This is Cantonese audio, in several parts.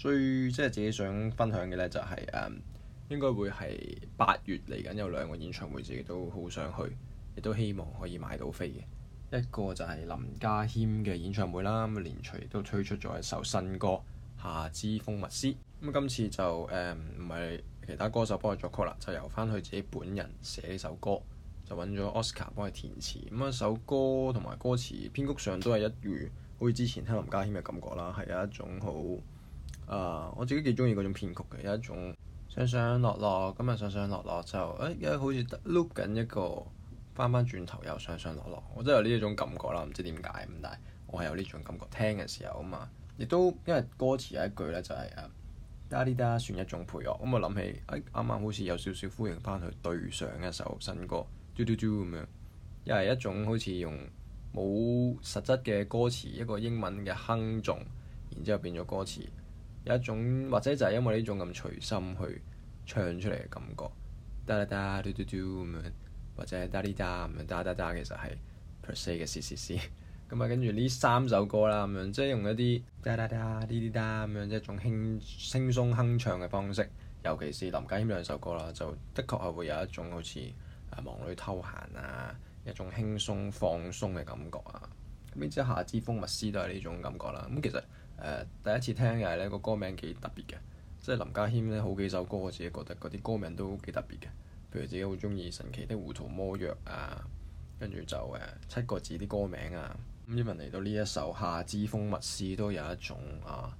最即係自己想分享嘅呢、就是，就係誒，應該會係八月嚟緊有兩個演唱會，自己都好想去，亦都希望可以買到飛嘅。一個就係林家謙嘅演唱會啦。咁連隨都推出咗一首新歌《夏之風物詩》。咁、嗯、今次就誒唔係其他歌手幫佢作曲啦，就由翻佢自己本人寫呢首歌，就揾咗 Oscar 幫佢填詞。咁、嗯、啊首歌同埋歌詞編曲上都係一如好似之前聽林家謙嘅感覺啦，係有一種好～誒、uh, 我自己幾中意嗰種編曲嘅，有一種上上落落，咁咪上上落落就誒，哎、好似碌緊一個翻翻轉頭又上上落落，我真係有呢一種感覺啦。唔知點解咁，但係我係有呢種感覺聽嘅時候啊嘛，亦都因為歌詞有一句咧就係、是、啊、uh, d a di da 算一種配樂，咁我諗起誒啱啱好似有少少呼應翻去對上一首新歌，do do do 咁樣，又係一種好似用冇實質嘅歌詞一個英文嘅哼頌，然之後變咗歌詞。有一種或者就係因為呢種咁隨心去唱出嚟嘅感覺，嗒啦嗒嘟嘟嘟咁樣，或者嗒哩嗒咁樣，嗒嗒嗒其實係 p e r c i 嘅咁啊， 跟住呢三首歌啦咁樣，即係用一啲嗒嗒嗒、哩哩嗒咁樣，即係一種輕輕鬆哼唱嘅方式。尤其是林家謙兩首歌啦，就的確係會有一種好似啊忙裡偷閒啊，一種輕鬆放鬆嘅感覺啊。咁點知夏之風物詩都係呢種感覺啦。咁其實～呃、第一次聽嘅係呢、呢個歌名幾特別嘅，即係林家謙呢好幾首歌，我自己覺得嗰啲歌名都幾特別嘅。譬如自己好中意《神奇的糊塗魔藥》啊，跟住就誒、呃、七個字啲歌名啊。咁英文嚟到呢一首《夏之風物詩》，都有一種啊，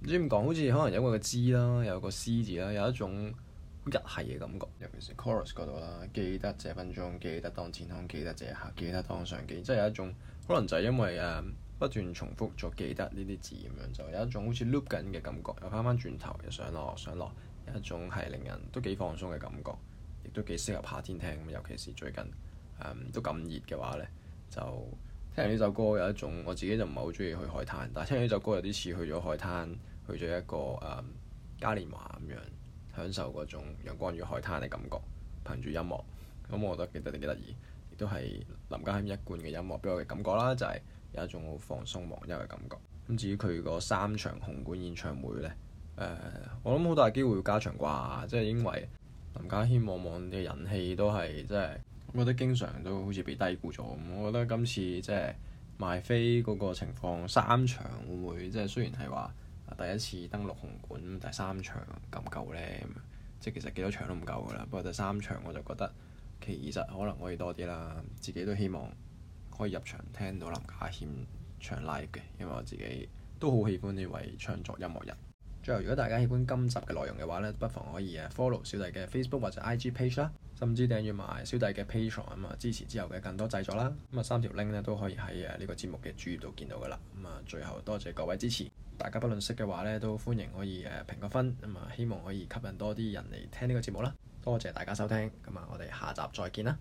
唔知點講，好似可能有個之啦，有個詩字啦，有一種日系嘅感覺。尤其是 Chorus 嗰度啦，記得這分鐘，記得當前康，記得這下，記得當上鏡，即係有一種可能就係因為誒。啊不斷重複，咗記得呢啲字咁樣，就有一種好似 loop 緊嘅感覺，又翻翻轉頭又上落上落，有一種係令人都幾放鬆嘅感覺，亦都幾適合夏天聽。尤其是最近、嗯、都咁熱嘅話呢就聽完呢首歌有一種，我自己就唔係好中意去海灘，但係聽完呢首歌有啲似去咗海灘，去咗一個、嗯、嘉年連華咁樣享受嗰種陽光與海灘嘅感覺，憑住音樂咁，我覺得幾得意幾得意，亦都係林家謙一貫嘅音樂俾我嘅感覺啦，就係、是、～有一種好放鬆忘憂嘅感覺。咁至於佢個三場紅館演唱會呢，呃、我諗好大機會要加場啩，即係、就是、因為林家謙往往嘅人氣都係，即、就、係、是、我覺得經常都好似被低估咗。咁我覺得今次即係、就是、賣飛嗰個情況，三場會唔會即係、就是、雖然係話第一次登陸紅館，第三場夠唔夠呢？即係其實幾多場都唔夠㗎喇。不過第三場我就覺得其實可能可以多啲啦，自己都希望。可以入場聽到林家謙唱 live 嘅，因為我自己都好喜歡呢位唱作音樂人。最後，如果大家喜歡今集嘅內容嘅話咧，不妨可以 follow 小弟嘅 Facebook 或者 IG page 啦，甚至訂閱埋小弟嘅 Patreon 啊支持之後嘅更多製作啦。咁啊，三條 link 咧都可以喺誒呢個節目嘅主頁度見到噶啦。咁啊，最後多謝各位支持，大家不論識嘅話呢，都歡迎可以誒評個分咁啊，希望可以吸引多啲人嚟聽呢個節目啦。多謝大家收聽，咁啊，我哋下集再見啦。